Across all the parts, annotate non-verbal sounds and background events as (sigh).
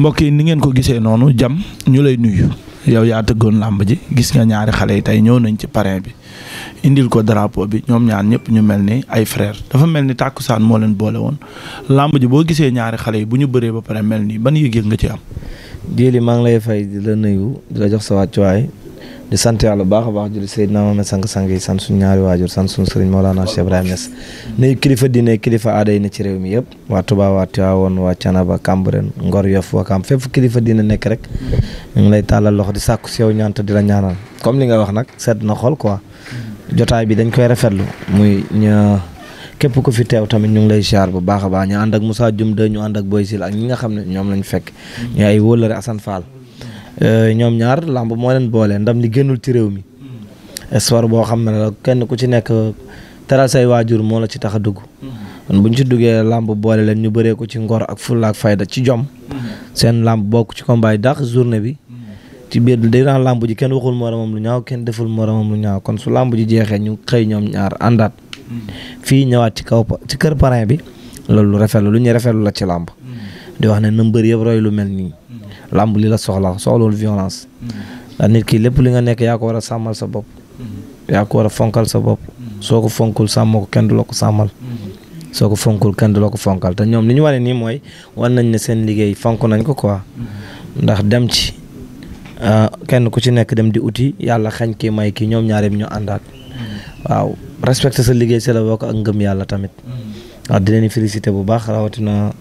mbokk yi ni ngeen ko gisee noonu jam ñu lay nuyu yow yaa tëggoon làmb ji gis nga ñaari xale yi tey ñëw nañ ci parrain bi indil ko drapeau bi ñoom ñaan ñëpp ñu mel ni ay frère dafa mel ni tàkkusaan moo leen boolewoon woon làmb ji boo gisee ñaari xale yi bu ñu bëree ba pare mel nii ban yëg-yëg nga ci am. Diéli maa ngi lay fay di la nuyu di la jox sa wàccuwaay di sant yàlla bu baax a baax julli Seydina Mohamed sang-sang yi sant suñu ñaari waajur sant suñu sëriñ Mawlana Cheikh Ibrahima Niass nuyu kilifa diine kilifa aada yi ne ci réew mi yëpp waa Touba waa Tivaouane waa Thiénaba Cambérène Ngor Yoff Ouakam fépp kilifa diine nekk rek ñu ngi lay tàllal loxo di sàkku si yow ñaanta di la ñaanal comme li nga wax nag sedd na xol quoi jotaay bi dañ koy rafetlu muy ña képp ku fi teew tamit ñu ngi lay ziar bu baax a baax ñu ànd ak Moussa Dioum de ñu ànd ak Boy Sil ak ñi nga xam ne ñoom lañ fekk ay wóolare Assane Fall Euh, ñoom ñaar làmb moo leen boole ndam li génnul ci réew mi. Mm. espoir boo xam ne la kenn ku ci nekk teral say waajur moo la ci tax dugg. Mm. kon bu ñu ci duggee làmb boole leen ñu bëree ko ci ngor ak fulla ak fayda ci jom. Mm. seen làmb bokk ci combat yi dàq journée bi. ci biir day daan lamb ji kenn waxul moromam lu ñaaw kenn deful moromam lu ñaaw kon su lamb ji jeexee ñu xëy ñoom ñaar àndaat. fii ñëwaat ci kaw ci kër parrain bi. loolu lu rafetlu lu ñuy rafetlu la ci làmb. di wax Mm-hmm. làmb li la soxla soxlawul violence. Mm-hmm. ndax nit ki lépp li nga nekk yaa ko war a sàmmal sa bopp. Mm-hmm. yaa ko war a fonkal sa bopp. soo ko fonkul sàmm ko kenn du la ko sàmmal. soo ko fonkul kenn du la ko fonkal te ñoom li ñu wane nii mooy wan nañ ne seen liggéey fonk nañ ko quoi. ndax dem ci ah, kenn ku ci nekk dem di uti yàlla xañ ki may ki ñoom ñaareem ñoo àndaat. waaw respecté sa liggéey si la bokk ak ngëm yàlla tamit. waaw di leen félicité bu baax rawatina.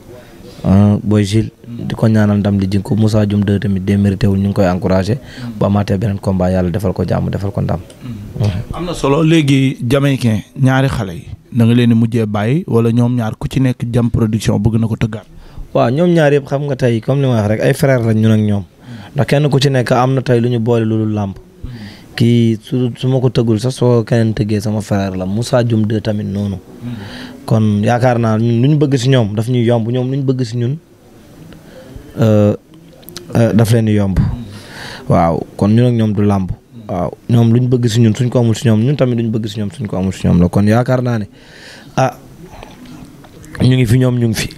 Ah, booy Jules di ko ñaanal ndam li jing ko Moussa Dioum 2 tamit de mérité ñu ngi koy encouragé mm. bu amaatee beneen combat yàlla defal ko jàmm defal ko ndam mm. Mm. am na solo léegi jamaïcain ñaari xale yi da nga leen di mujjee bàyyi wala ñoom ñaar ku ci nekk jam production bëgg na ko tëggaat waaw ñoom ñaar yëpp xam nga tey comme li ma wax rek ay frère lañ ñun ak ñoom ndax kenn ku ci nekk am na tey lu ñu boole lu làmb kii su su ma ko tëggul sa soo keneen tëggee sama frère la musaa Dioum 2 tamit noonu kon yaakaar naa ñun lu ñu bëgg si ñoom daf ñuy yomb ñoom lu ñu bëgg si ñun euh, euh, daf leen di yomb waaw kon ñun ak ñoom du làmb waaw ñoom lu ñu bëgg si ñun suñ ko amul si ñoom ñun tamit lu ñu bëgg si ñoom suñ ko si ñoom la kon yaakaar naa ne ah ñu ngi fi ñoom ñu ngi fi.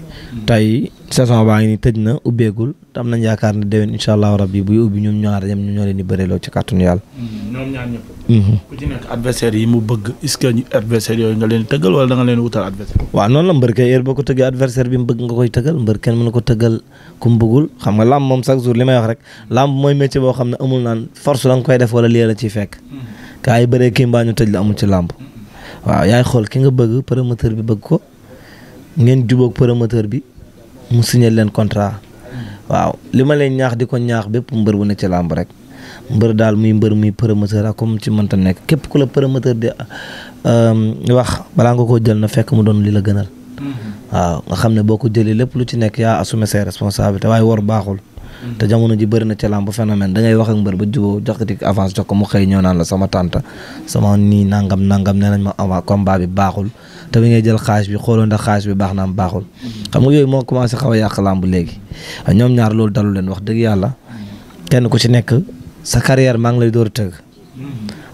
tey saison baa ngi nii tëj na ubbeegul te am nañ yaakaar ne déwén incha allahu rabbi buy ubbi ñoom ñaar ñoom ñoo leen di bëreeloo ci kàttanu yàlla. Mm-hmm. ñoom ñaar ñëpp. Mm-hmm. ku ci nekk adversaire yi mu bëgg est-ce que adversaire yooyu nga leen tëggal wala da nga leen wutal adversaire. waaw noonu la mbër kay heure boo ko tëggee adversaire bi mu bëgg nga koy tëggal mbër kenn mën na ko tëggal ku mu bëggul xam nga làmb moom chaque jour li may wax rek làmb mooy métier boo xam ne amul naan force la nga koy def wala lii la ciy fekk. kaa mm-hmm. yi bëree kii mbaa ñu tëj la amul ci làmb waaw yaay xool ki nga bëgg promoteur bi bëgg ko ngeen jubóog promoteur bi mu leen contrat waaw li ma leen ñaax di ko ñaax bépp mbër bu ne ci làmb rek mbër daal muy mbër muy promoteur ak comme ci mënta nekk képp ku la promoteur di euh, wax balaa nga koo jël na fekk mu doon li la gënal. waaw nga xam ne boo ko jëlee lépp lu ci nekk yaa assumer ses responsabilités waaye war baaxul. te jamono ji bëri na ci làmb phénomène da ngay wax mbër ba jubóo jox ko avance jox ko mu xëy ñëw naan la sama tànta sama nii nangam nangam nee nañ ma avant combat baaxul tamit ngay jël xaalis bi xooloo ndax xaalis bi baax na am baaxul xam nga yooyu moo commencé xaw a yàq làmb léegi ñoom ñaar loolu dalu leen wax dëgg yàlla kenn ku ci nekk sa carrière maa ngi lay door a tëgg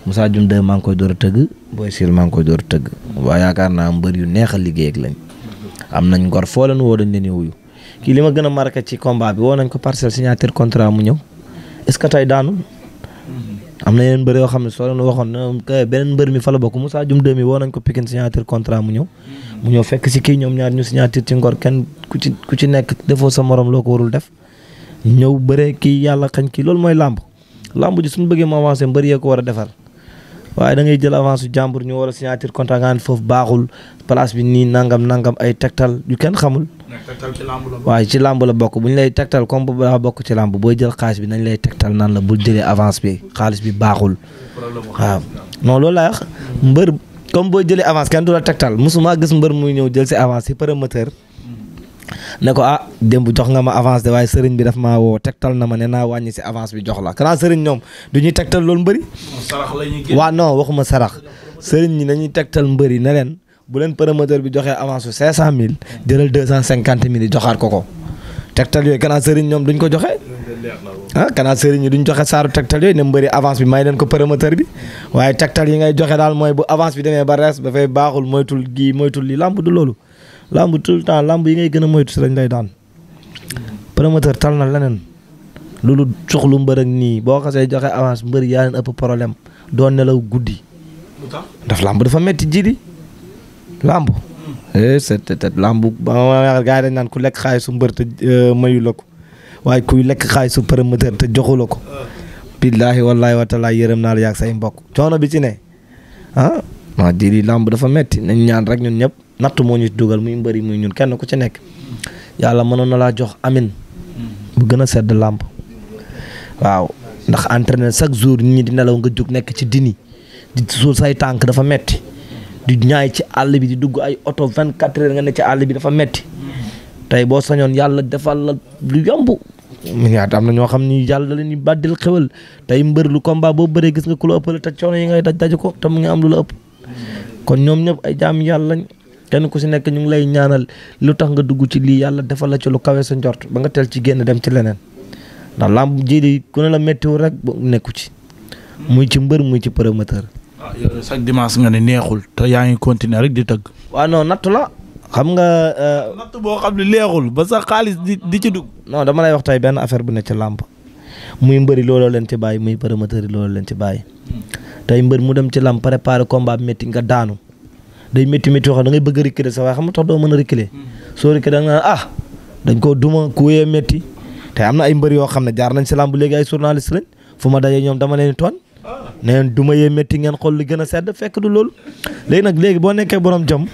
Moussa Dioum de maa ngi koy door tëgg booy Sir maa ngi koy door tëgg waa yaakaar naa mbër yu neex a liggéey ak lañ am nañ ngor foo leen woo dañ leen wuyu kii li ma gën a marqué ci combat bi woo nañ ko parcelle signature contrat mu ñëw est daanu am na yeneen mbër yoo xam ne soo leen waxoon na beneen mbër mi fa la bokk Moussa Dioum 2000 woo nañ ko Pikine signature contrat mu ñëw mm. mu ñëw fekk si kii ñoom ñaar ñu signature ci ngor kenn ku ci ku ci nekk defoo sa morom loo ko warul def ñëw bëree kii yàlla xañ ki loolu mooy làmb làmb ji suñu bëggee mu avancé mbër yee ko war a defal waaye da ngay jël avance su jàmbur ñu war a signature contrat nga foofu baaxul place bi nii nangam nangam ay tegtal yu kenn xamul. waaye ci làmb la bokk bu ñu lay tegtal comme bu daa bokk ci làmb booy jël xaalis bi nañ lay tegtal naan la bul jëlee avance bi xaalis bi baaxul. waaw non loolu laa wax mbër comme booy jëlee avance kenn du la tegtal musuma gis mbër muy ñëw jël si avance si promoteur ne ko ah bu jox nga ma avance de waaye sëriñ bi dafa ma woo tegtal na ma ne naa wàññi si avance bi jox la kanaa sëriñ ñoom du ñuy tegtal loolu mbëri. sarax la ñuy génn waaw non waxuma sarax sëriñ ñi nañuy tegtal mbëri ne leen bu leen promoteur bi joxee avance su 500000 jëlal 250000 yi joxaat ko ko tegtal yooyu kanaa sëriñ ñoom duñ ko joxe. ah kanaa sëriñ yi duñ joxe saaru tegtal yooyu ne mbëri avance bi may leen ko promoteur bi waaye tegtal yi ngay joxe daal mooy bu avance bi demee ba rees ba fay baaxul moytul gii moytul li làmb du loolu làmb tout le temps yi ngay gën a moytu si lañ lay daan promoteur tal na leneen loolu soxlu mbër ak nii boo xasee joxe avance mbër yaa leen ëpp problème doon nelaw guddi. daf làmb dafa metti ji làmb. eh làmb ba ma naan ku lekk xaalisu mbër te euh, mayu ko waaye kuy lekk xaalisu promoteur te joxu la ko. billaahi wallaahi wa taala yërëm naa la say mbokk coono bi ci ne ah. waa ji dafa metti nañ ñaan rek ñun ñëpp. natt moo ñu dugal muy mbëri muy ñun kenn ku ci nekk yàlla mënoon na laa jox amin bu gën a sedd làmp waaw ndax entraîné chaque jour nit ñi di nelaw nga jóg nekk ci dini di suul say tànk dafa metti di ñaay ci àll bi di dugg ay oto 24 heures nga ne ci àll bi dafa metti tey boo sañoon yàlla defal la lu mu milliard am na ñoo xam ni yàlla da leen di bàddil xewal tey mbër lu kombaa boo bëree gis nga ko la ëppale te coono yi ngay daj daj ko te mu ngi am lu ëpp kon ñoom ay jaam yàlla kenn ku si nekk ñu ngi lay ñaanal lu tax nga dugg ci lii yàlla defal la ci lu kawe sa njort ba nga tel ci génn dem ci leneen ndax làmb ji ku ne la méttiwul rek nekku ci muy ci mbër muy ci promoteur. waaw ah, yow chaque dimanche ne neexul te yaa ngi continuer rek di tëgg. waaw non natt la xam nga. Euh, natt boo xam ne neexul ba sax xaalis di di ci dugg. non dama lay wax tey benn affaire bu ne ci làmb muy mbëri looloo leen ci bàyyi muy promoteur yi looloo leen ci bàyyi hmm. tey mbër mu dem ci làmb préparer combat métti nga daanu. day métti métti yoo xam da ngay bëgg a reculer sa waaye xam nga tax doo mën a reculer soo reculer da ah dañ koo duma ku wéyee métti te am na ay mbër yoo xam ne jaar nañ si làmb léegi ay journaliste lañ fu ma dajee ñoom dama leen tooñ neen duma yee métti ngeen xool li gën a sedd fekk du loolu léegi nag léegi boo nekkee boroom jom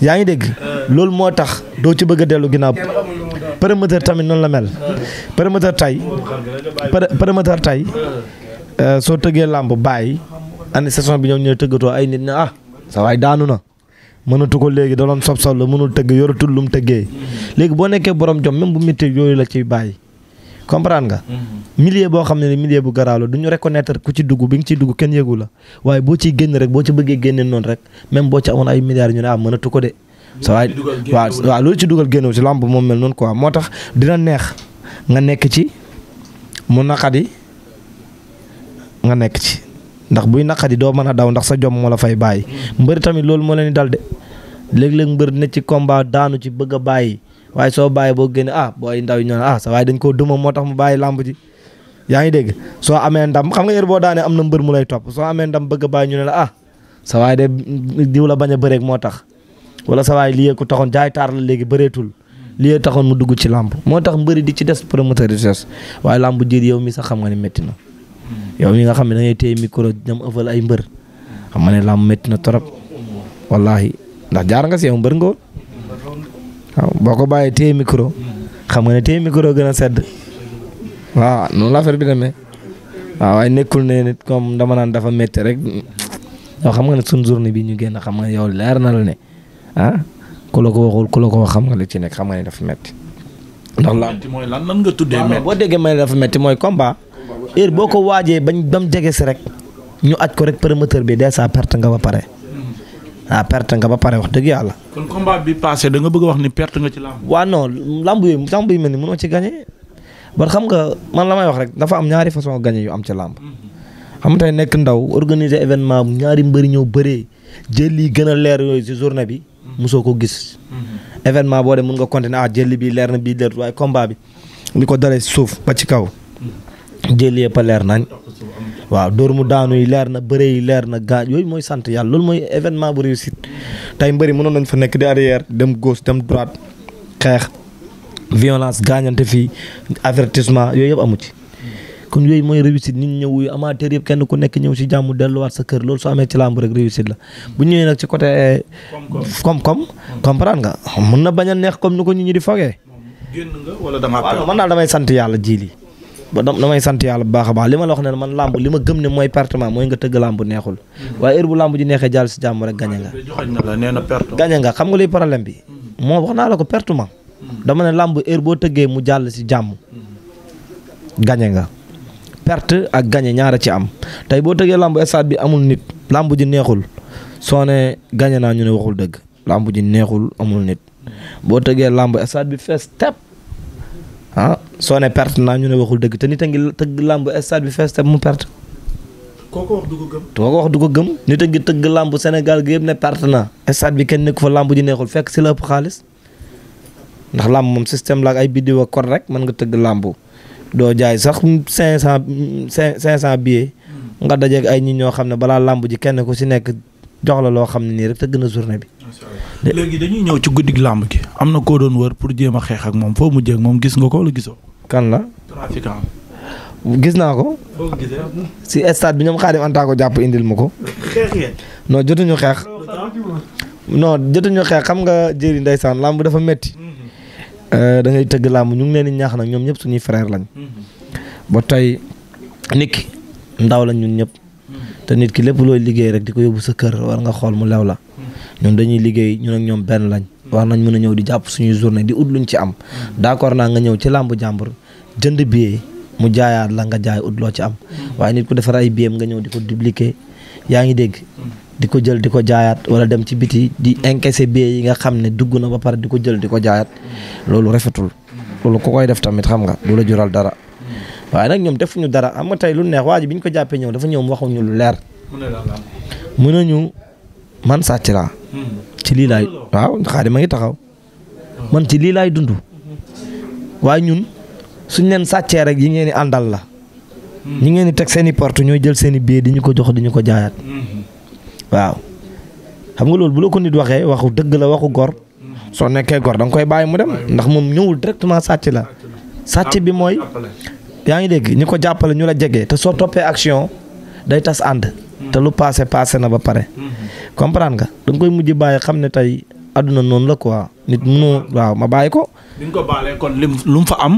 yaa ngi dégg eh. loolu moo tax doo ci bëgg a dellu ginnaaw promoteur tamit noonu la mel eh. promoteur tay promoteur tay eh. soo tëggee làmb bàyyi année saison bi ñoom tëggatoo ay nit ne ah, sawaay daanu na mënatu ko léegi da doon sob sob la mënul tëgg yoratul lu mu tëggee léegi boo nekkee borom jom même bu métti yooyu la ciy bàyyi comprendre nga. Mhm. millier boo xam ne ni millier bu garaaw la du ñu reconnaître ku ci dugg bi nga ciy dugg kenn yëgu la waaye boo ciy génn rek boo ci bëggee génne noonu rek même boo ci amoon ay milliards ñu ah, mënatu ko de. sa waaw waaw ci dugal génnewu ci lamb moom mel noonu quoi moo tax dina neex nga nekk ci mu naqadi nga nekk ci. ndax buy naqadi doo mën a daw ndax sa jom moo la fay bàyyi mbër tamit loolu moo leen di dal de léeg-léeg mbër ne ci combat daanu ci bëgg a bàyyi waaye soo bàyyi boo génne ah booy ndaw yi ñoo ah dañ koo duma moo tax mu bàyyi làmb ji yaa ngi dégg soo amee ndam xam nga yër boo daanee am na mbër mu lay topp soo amee ndam bëgg a ñu ne la ah sa waaye de diw la bañ a bëreeg moo tax wala sa waay liyee ko taxoon jaay taar la léegi bëreetul liyee taxoon mu dugg ci làmb moo tax mbëri di ci des promoteur de waaye làmb jër yow mi sax xam nga ne métti na yow mi nga xam ne da ngay téye micro dem ëffal ay mbër xam nga ne làmb métti na torop wallaahi ndax jaar nga si yow mbër nga woon waaw boo ko bàyyee téye micro xam nga ne téye micro gën a sedd waaw noon la bi demee waaw nekkul ne nit comme dama naan dafa métti rek yow xam nga ne sunu journée bi ñu génn xam nga yow leer na la ne ah ku ko waxul ku la ko xam nga li ci nekk xam nga ne dafa metti ndax lan mooy lan nan nga tuddee métti boo mooy combat. heure boo ko waajee bañ ba mu jege si rek ñu aj ko rek promoteur bi dee saa perte nga ba pare. ah perte nga ba pare wax dëgg yàlla. kon combat bi passé da nga bëgg a wax ni perte nga ci làmb. waaw non làmb yooyu làmb yu mel ni mënoo ci gagné ba xam nga man la may wax rek dafa am ñaari façon gagné yu am ci làmb. xam nga nekk ndaw organiser événement bu ñaari mbëri ñëw bëree jël li gën a leer yooyu bi. mosoo ko gis. événement boo dem mun nga continuer ah jël bi leer na bii leer waaye komba bi. li ko dalee suuf ba ci kaw. jël yëpp a leer nañ waaw dóor mu daanu yi leer na bëre yi leer na gaañ yooyu mooy sant yàlla loolu mooy événement bu réussite tey mbëri mënoon nañ fa nekk di arrière dem gauche dem droite xeex violence gaañante fii avertissement yooyu amu ci kon yooyu mooy réussite nit ñëw yu kenn ku nekk ñëw si jàmm delluwaat sa kër loolu su amee ci làmb rek réussite la bu ñëwee nag ci côté eh, na bañ a neex comme ni ko nit ñi di fogee man daal damay sant yàlla ji ba damay sant yàlla baax a baax li ma la wax ne man làmb li ma gëm ne mooy pertement mooy nga tëgg làmb neexul mm-hmm. waaye heure bu làmb ji neexee jàll si jàmm gañe nga mm-hmm. la ko mm-hmm. boo tëggee mu jàll si jàmm gañe nga perte ak gañe ñaara ci am tey boo tëggee làmb stade bi amul nit làmb ji neexul soo ne gañe naa ñu ne waxul dëgg làmb ji neexul amul nit boo tëggee làmb stade bi fees tepp ah, soo ne perte naa ñu ne waxul dëgg te nit a ngi tëgg làmb stade bi fees te mu perte. kooko wax ko wax du ko gëm. nit a ngi tëgg làmb Sénégal gi yëpp ne perte naa. stade bi kenn nekk fa làmb ji neexul fekk si la ëpp xaalis ndax làmb moom système la ak ay biddiw ak kor rek mën nga tëgg làmb doo jaay sax 500 500 billets hmm. nga dajeeg ay nit ñoo xam ne balaa làmb ji kenn ku si nekk jox la loo xam ne nii rek tëgg na journée bi. léegi dañuy ñëw ci guddig làmb gi am na koo doon wër pour jéem a xeex ak moom foo mujjee ak moom gis nga ko wala gisoo. kan la. gis naa ko. si stade bi ñoom xaadim antaa ko jàpp indil ma ko. non jotuñu xeex. non jotuñu xeex xam nga jëri ndeysaan làmb dafa metti mhm. euh, da ngay tëgg làmb ñu ngi ñaax nag ñoom ñëpp suñuy frère lañ. Mhm. ba tey nit ki ndaw lañ ñun ñëpp. Mhm. te nit ki lépp looy liggéey rek di ko yóbbu sa kër war nga xool mu lew la. ñun dañuy liggéey ñun ak ñoom benn lañ. war nañ mën a ñëw di jàpp suñuy journée di ut luñ ci am. d'accord na nga ñëw ci làmb jàmbur jënd billet mu jaayaat la nga jaay ut loo ci am. waaye nit ku defar ay billet nga ñëw di ko dupliquer yaa ngi dégg. di ko jël di ko jaayaat wala dem ci biti di encaisser billet yi nga xam ne dugg na ba pare di ko jël di ko jaayaat loolu rafetul. loolu ku koy def tamit xam nga du la jural dara. waaye nag ñoom defuñu dara am ma tey lu neex waaj bi ñu ko jàppee ñëw dafa ñëw waxuñu lu leer. man sàcc laa. ci lii laay waaw ma ngi taxaw man ci lii laay dund waaye ñun suñ leen sàccee rek yi ngeen di àndal la. ñi ngeen di teg seen i ñooy jël seen i bee di ñu ko jox di ñu ko jaayaat. waaw xam nga loolu bu la ko nit waxee waxu dëgg la waxu gor. soo nekkee gor danga koy bàyyi mu dem ndax moom ñëwul direktement sàcc la sàcc bi mooy yaa ngi dégg ñu ko jàppale ñu la jege te soo toppee action day tas ànd te lu paase passé na ba pare comprendre nga da nga koy mujj bàyyi xam ne tey àdduna noonu la quoi nit mënoo waaw ma bàyyi ko. bi nga ko baalee kon lim lu mu fa am.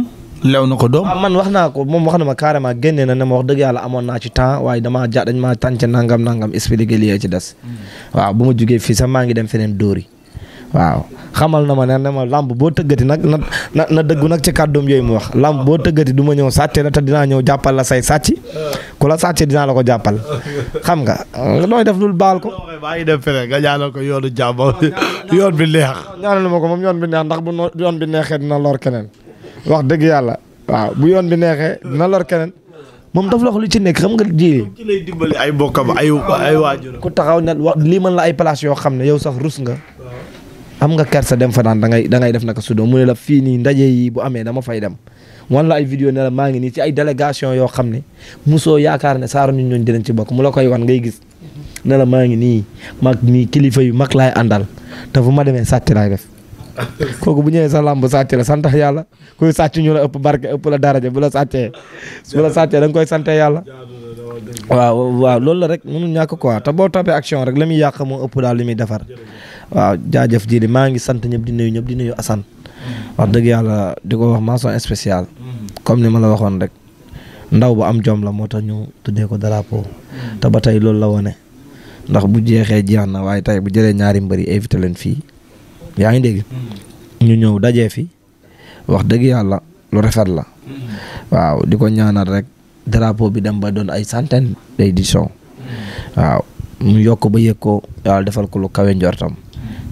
lew na ko doom ah, man wax naa ko moom wax na ma carrément génne na ne ma wax dëgg yàlla amoon naa ci temps waaye damaa ja dañ maa tànc nangam nangam expliqué lii ci des. Hmm. waaw bu ma jugee fii sax maa ngi dem feneen dóor yi waaw xamal na ma ne ne ma làmb boo tëggati nag na na na dëggu nag ci kàddoom yooyu mu wax làmb boo tëggati du ma ñëw sàcce la te dinaa ñëw jàppal la say sàcc ku la sàcce dinaa la ko jàppal xam nga nooy def lu baal ko. bàyyi dem feneen nga ñaanal ko yoonu jàmm yoon bi neex. ñaanal ma ko moom yoon bi neex ndax bu yoon bi neexee dina lor keneen wax dëgg yàlla waaw bu yoon bi neexee dina lor keneen. moom daf la wax lu ci nekk xam nga ji. ci lay dimbali ay mbokkam ay ay waajur. ku taxaw ne lii man la ay place yoo xam ne yow sax rus nga. am nga kerse dem fa naan da ngay da ngay def naka su doon mu ne la fii nii ndaje yi bu amee dama fay dem wan la ay vidéo ne maa ngi nii ci ay délégation yoo xam ne musoo yaakaar ne saara ñun ñooñu dinañ ci bokk mu la koy wan ngay gis ne la maa ngi nii mag nii kilifa yu mag laay àndal te fu ma demee sàcc laay def (laughs) kooku bu ñëwee sa làmb sàcc la santax yàlla kuy sàcc ñu la ëpp barke ëpp la daraja bu la sàccee bu la sàccee da koy sante yàlla waaw waaw loolu rek mënul ñàkk quoi te boo toppee action rek la muy yàq moo ëpp daal li muy defar waaw jaajëf jii maa ngi sant ñëpp di nuyu ñëpp di nuyu Assane mm-hmm. wax dëgg yàlla di ko wax mention spéciale mm-hmm. comme ni ma la waxoon rek ndaw bu am jom la moo tax ñu tuddee ko drapeau mm-hmm. te ba tey loolu la wone ndax bu jeexee jeex na waaye tey bu jëlee ñaari mbër invité leen fii yaa ngi dégg ñëw dajee fi wax dëgg yàlla lu rafet la waaw di ko ñaanal rek drapeau bi dem ba doon ay centaine d'édition waaw mu yokk ba yëg ko yàlla defal ko lu kawe njortam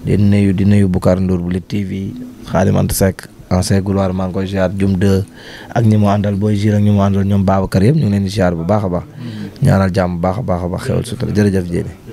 di nuyu di nuyu Boucar Ndour bu Lutte TV Xaadim Anta Seck ancien gloire maa ngi koy ziar jum de ak ñi mu àndal booy ziar ak ñi mu àndal ñoom Babacar yëpp ñu ngi leen di ziar bu baax a baax mm-hmm. ñaanal jàmm bu baax a baax a baax xewal sutura jërëjëf Jéene